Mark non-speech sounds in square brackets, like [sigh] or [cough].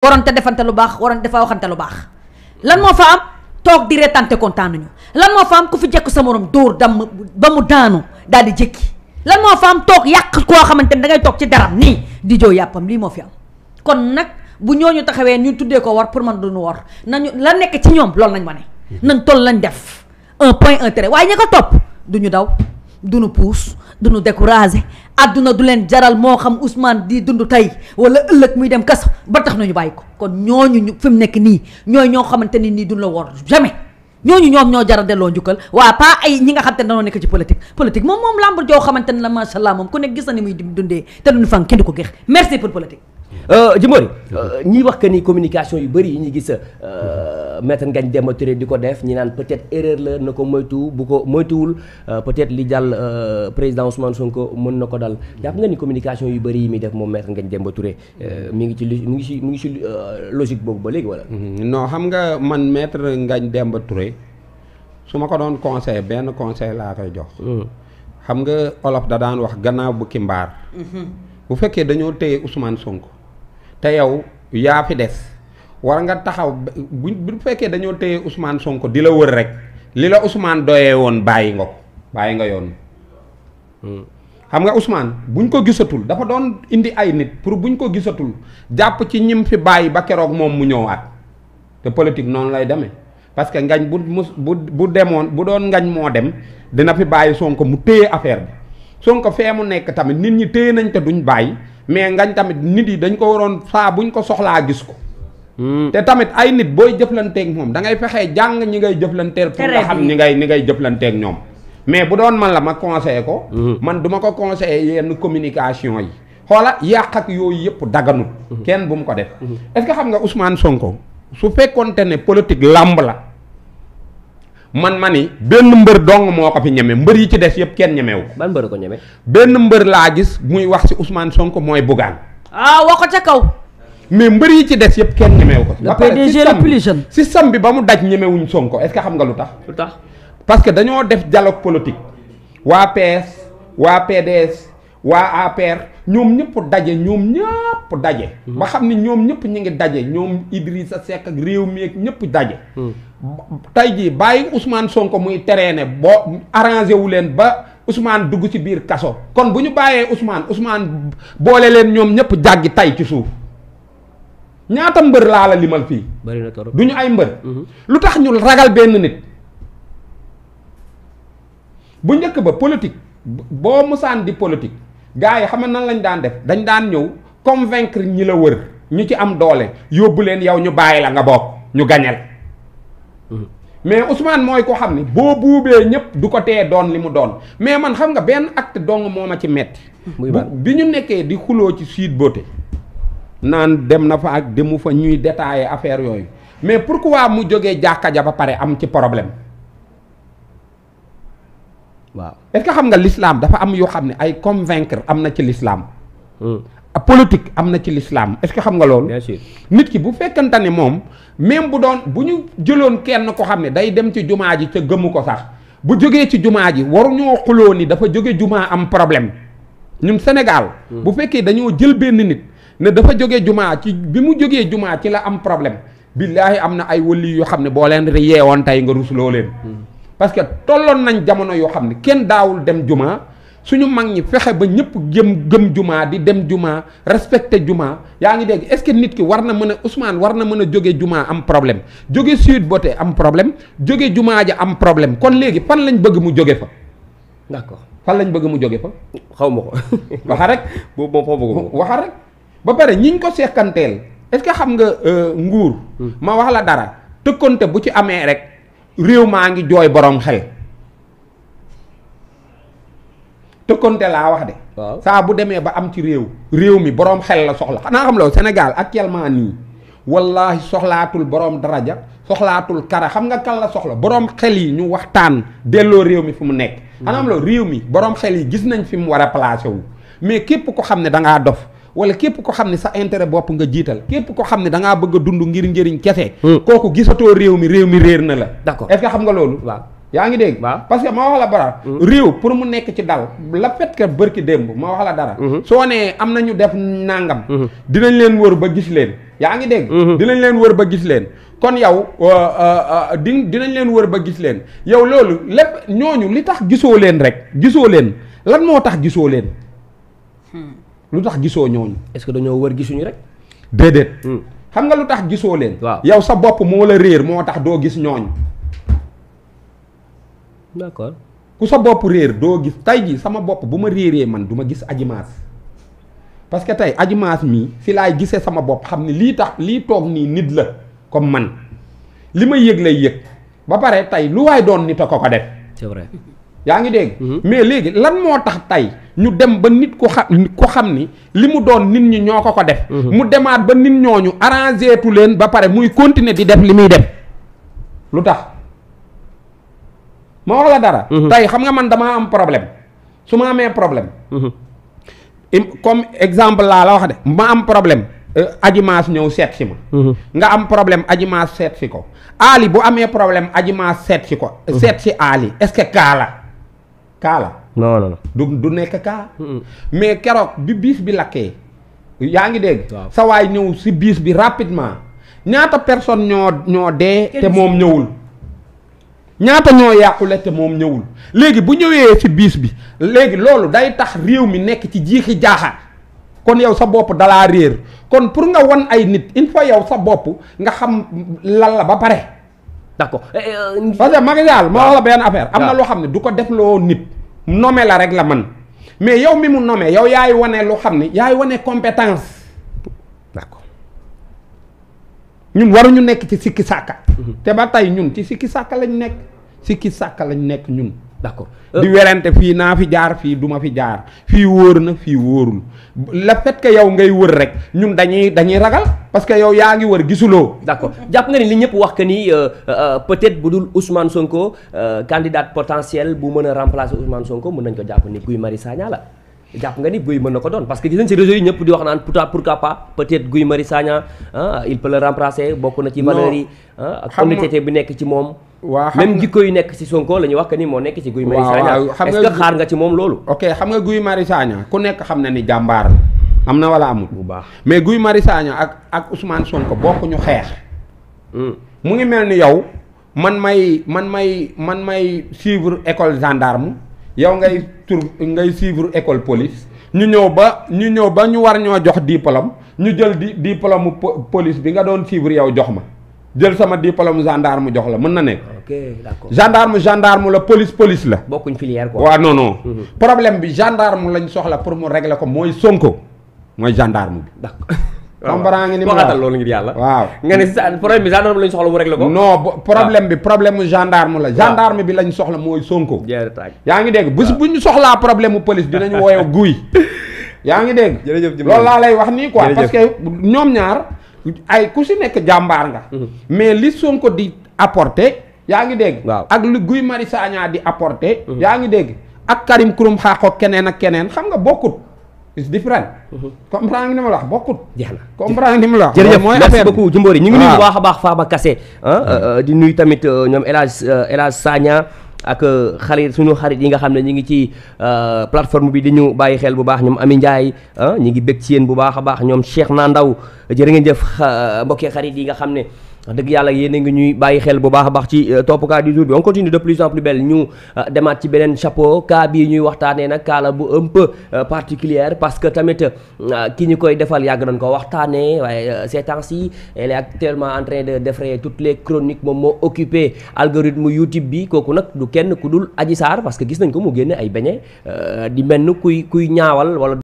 waroon te defante lu baax waroon dafa waxante lu baax lan moo fa am toog di reetante kontaanuñu lan moo fa am ku fi jekk sa morom dóor dam ba mu daanu daal di jékki lan moo fa am toog yàq koo xamante ne dangay toog ci daram nii di joo yàppam lii moo fi am kon nag bu ñoo ñu taxawee ñu tuddee ko war pour man duñu war nañu la nekk ci ñoom loolu nañ ma ne mhm. nañ toll lañ def un point un trait waaye ña ko topp duñu daw duñu puus duñu découragé àdduna du leen jaral moo xam Ousmane di dund tey wala ëllëg muy dem kaso ba tax nañu bàyyi ko kon ñooñu ñu fi mu nekk nii ñooy ñoo xamante ni nii duñ la wor jamais ñooñu ñoom ñoo jaral delloo njukkal waa pas ay ñi nga xam te ne dañoo nekk ci politique politique moom moom làmb joo xamante la macha allah moom ku nekk gis na ni muy dundee te duñu fang kenn ko géex merci pour politique. Euh, Jimbori euh, ñuy wax que ni communication yu bëri yi ñu gis euh, maître Ngagne Demba Touré di ko def ñi naan peut-être erreur la na ko moytu bu ko moytuwul peut-être li jàll président Ousmane Sonko mën na ko dal jàpp nga ni communication yu bëri yi muy def moom maître Ngagne mi ngi ci mi ngi ci mi ngi ci logique boobu ba léegi wala. Mm-hmm. non xam nga man maître Ngagne Demba Touré su ma ko doon conseil benn conseil laa koy jox. Mm. xam nga olof da daan wax gannaaw bu ki mbaar. Mm-hmm. bu fekkee dañoo téye Ousmane Sonko. te yow yaa fi des war nga taxaw bu bu fekkee dañoo téye Ousmane Sonko di la wër rek li la Ousmane doyee woon bàyyi nga ko bàyyi nga yoon. Hmm. xam nga Ousmane buñ ko gisatul dafa doon indi ay nit pour buñ ko gisatul jàpp ci ñim fi bàyyi ba keroog moom mu ñëwaat te politique noonu lay demee parce que ngañ bu mus bu bu demoon bu doon ngañ moo dem dina fi bàyyi sonk mu téye affaire bi Sonko fee mu nekk tamit nit ñi téye nañ te duñu bàyyi mais ngañ tamit nit yi dañ ko waroon saa bu ñu ko soxlaa gis ko. Hmm. te tamit ay nit booy jëflanteeg moom da ngay fexee jàng ñi ngay jëflanteel. pour nga xam ni ngay ni ngay jëflanteeg ñoom. mais bu doon man la ma conseillé ko. Hmm. man duma ko conseillé yenn communication yi. xoola yàq ak yooyu yëpp daganu hmm. kenn bu mu ko def. est-ce que xam nga Ousmane Sonko su fekkonte ne politique làmb la. man ma ni benn mbër dong moo ko fi ñeme mbër yi ci des yëpp kenn ñemewu ko. ban ko ñeme. benn mbër laa gis muy wax ci Ousmane sonk mooy Bougane. ah wax ko ca kaw. mais mbër yi ci des yëpp kenn ñemewu ko. le PDG le plus si sam bi ba mu daj ñemewuñ Sonko est-ce xam nga lu tax. lu tax parce que dañoo def dialogue politique waa PS waa PDS waa APR. ñoom ñëpp daje ñoom ñëpp daje. Hmm. ba xam ni ñoom ñëpp ñu ngi daje ñoom Idrissa Seck ak réew mi ak ñëpp daje. Hmm. tey jii bàyyi Ousmane Sonko muy teree ne boo arrangé wu leen ba Ousmane dugg ci biir kaso. kon bu ñu bàyyee Ousmane Ousmane boole leen ñoom ñëpp jàggi tay ci suuf ñaata mbër laa la limal fii. bari na trop du ñu ay mbër. Hmm. lu tax ñu ragal benn nit. bu njëkk ba politique boo mosaan di politique. gars yi xam nga nan lañ daan def dañu daan ñëw convaincre ñi la wër ñu ci am doole yóbbu leen yow ñu bàyyi la nga bokk ñu gañel hmm. mais Ousmane mooy ko xam ni boo buubee ñëpp du ko tee doon li mu doon mais man xam nga benn acte dong moo ma ci metti bi ñu nekkee di xuloo ci Sweet boote naan dem na fa ak demu fa ñuy détailler affaire yooyu mais pour waa mu jógee jàkka ja ba pare am ci problème waaw xam nga lislaam dafa am yoo xam ne ay convaincre am na ci l'islam hmm. ah, politique am na ci l'islam est-ce que xam nga loolu nit ki bu fekkante ni moom même bu doon bu ñu jëloon kenn ko xam ne day dem ci jumaa ji ca gëmu ko sax bu jógee ci jumaa ji waruñoo xuloo ni dafa jóge jumaa am problème ñun Sénégal hmm. bu fekkee dañoo jël benn nit ne dafa jóge jumaa ci bi mu jógee jumaa ci la am problème billaahi am na ay wëli yoo xam ne boo leen yeewoon tey nga rusloo leen hmm. parce que tolloon nañ jamono yoo xam ne kenn daawul dem jumaa suñu mag ñi fexe ba ñëpp gëm gëm jumaa di dem jumaa respecté jumaa yaa ngi dégg est-ce que nit ki war na mën a Ousmane war na mën a jóge jumaa am problème jóge Sweet Beauté am problème jóge jumaa ja am problème kon léegi fan lañ bëgg mu jóge fa d'accord fan lañ bëgg mu jóge fa xaw ma ko waxa rek [laughs] boobu moom xaw ma ko waxa rek ba pare ñiñ ko sekkanteel est-ce que xam nga euh, nguur hmm. ma wax la dara tëkkante bu ci amee rek réew maa ngi jooy boroom xel tëkkante laa wax de. saa bu demee ba am ci réew. réew mi borom xel la soxla xanaa xam loo Sénégal actuellement nii wallahi soxlaatul borom daraja soxlaatul kara xam nga kan la soxla borom xel yi ñu waxtaan delloo réew mi fu mu nekk. xanaa xam loo réew mi borom xel yi gis nañ fi mu war a placé wu mais képp ko xam ne da ngaa dof. wala képp ko xam ne sa intérêt bopp nga jiital képp ko xam ne da bëgg a dund ngir njëriñ kese hmm. kooku gisatoo réew mi réew mi réer na la d'accord est-ce xam nga loolu waaw yaa ngi dégg parce que ma wax la dara hmm. réew pour mu nekk ci dal la fait que bërki démb ma wax la dara hmm. soo nee am nañu def nàngam dinañ leen wër ba gis leen yaa ngi dégg dinañ leen wër ba gis leen kon yow euh, euh, euh, di dinañ leen wër ba gis leen yow loolu lépp ñoo ñooñu li tax gisoo leen rek gisoo leen lan moo tax gisoo leen lu tax gisoo ñooñu. est que dañoo wër gisuñu rek. déedéet. Hmm. xam nga lu tax gisoo leen. waaw yow sa bopp moo la réer moo tax doo gis ñooñu. d'accord ku sa bopp réer doo gis tey ji sama bopp bu ma réeree man du ma gis ajimaas parce que tey ajimaas mii fi laay gisee sama bopp xam ne lii tax lii toog nii nit la comme man li may yëg lay yëg ba pare tey lu waay doon nit a ko ko def. yaa ngi dégg. Mm-hmm. mais léegi lan moo tax tey ñu dem ba nit ku xam ko xam ni li mu doon nit ñi ñoo ko ko def mhm. mu demaat ba nit ñooñu arrangé tu leen ba pare muy continuer di def li muy def lu tax ma wax la dara mhm. tey xam nga man damaa am problème su ma amee problème mhm. comme exemple laa la wax de ma am problème euh, ajimaas ñëw seet si ma nga am problème ajimaas seet si ko aali bu amee problème ajimaas seet si ko seet si aali est-ce que kaala kaala non non du du nekk kaa. mais keroog bi biis bi lakkee. yaa ngi dégg. sa waay ñëw si biis bi rapidement. ñaata personne ñoo ñoo dee. te moom ñëwul. ñaata ñoo yàqule te moom ñëwul léegi bu ñëwee ci biis bi léegi loolu day tax réew mi nekk ci jiixi jaaxa kon yow sa bopp dalaa réer kon pour nga wan ay nit il faut yow sa bopp nga xam lan la ba pare. d'accord eh, eh, euh, parce ma wax la benn affaire. am na loo xam ne du ko def defloo nit. nome la rek la man mais yow mi mu nomee yow yaay wane lu xam ni yaay wane compétence d'accord ñun waruñu nekk ci sikki sàkka mhm. te ba tey ñun ci sikki sàkka lañ nekk sikki sàkka lañ nekk ñun d'accord di euh, werante fii naa fi jaar fii duma fi jaar fii wóor na fii wóorul le fait que yow ngay wër rek ñun dañuy dañuy ragal parce que yow yaa ngi wër gisuloo. d'accord jàpp nga ni li ñëpp wax que ni euh, euh, peut-être bu dul Ousmane Sonko candidat potentiel bu mën a remplacer Ousmane Sonko mën nañ ko jàpp ni Guy Marius Sagna la. jàpp nga ni Guy mën na ko doon parce que gis nañ si réseau yi ñëpp di wax naan pourtant pourquoi pas peut Guy Marius Sagna ah, il peut le remplacer bokk na ci valeurs yi ah, ak honnêteté bi nekk ci moom waaw même jikko yu nekk si Sonko la ñuy wax que ni moo nekk ci Guy Marius Sagna est nga que xaar nga ci moom loolu ok xam nga Guy Marius Sagna ku nekk xam na ni jàmbaar am na wala amul bu baax mais Guy Marius Sagna ak ak Ousmane Sonko ñu xeex hmm. mu ngi mel ni yow man may man may man may suivre école gendarme yow ngay tur ngay suivre école police ñu ñëw ba ñu ñëw ba ñu war ñoo jox diplôme ñu jël di diplôme police bi nga doon suivre yow jox ma jël sama diplôme gendarme jox la mën na nekk. ok d'accord gendarme gendarme la police police la. bokkuñ filière quoi. waaw non non. Mhm. problème bi gendarme lañ soxla pour mu régler ko mooy Sonko mooy gendarme bi. [laughs] comprend nga ni ma waxaatal loolu ngir waaw nga ne sa problème bi gendarme lañ soxla mu régler ko non problème bi problème gendarme la gendarme bi lañ soxla mooy Sonko yaa ngi dégg bés bu ñu soxlaa problème mu police dinañ [laughs] wooyo guy yaa ngi dégg loolu laa lay wax nii quoi parce que ñoom ñaar ay ku si nekk jàmbaar nga mm-hmm. mais li Sonko di apporter yaa ngi dégg ak li Guy Marius Sagna di apporter mm-hmm. yaa ngi dégg ak Karim Xrum Xax keneen ak keneen xam nga bokkut is different mm-hmm. comprendre nga ma la bokkut jeex na comprendre nga ni ma la wax jërëjëf merci beaucoup Jimbori ñu ngi nuyu bu baax a baax Faba Kassé ah, mm-hmm. euh, euh, di nuyu tamit euh, ñoom El Hadj El Hadj ak xarit suñu xarit yi nga xam ne ñu ngi ci plateforme bi di ñu bàyyi xel bu baax ñoom Ami Ndiaye ah, ñu ngi bég ci yéen bu baax a baax ñoom Cheikh Nandaw ndaw ngeen jëf mbokki xarit yi nga xam ne dëgg yàlla yéen ngi ñuy bàyyi xel bu baax a baax ci euh, topp cas du jour bi on continue de plus en belle ñu euh, demaat ci beneen chapeau cas bii ñuy waxtaanee nag kaa la bu un peu euh, particulière parce que tamit ki ñu koy defal yàgg nañ ko waxtaanee waaye ces temps-ci elle est actuellement en train de défrayer toutes les chroniques moom moo occupé algorithme YouTube bi kooku nag du kenn ku dul aji saar parce que gis nañ ko mu génn ay beñe di mel kuy kuy ñaawal wala.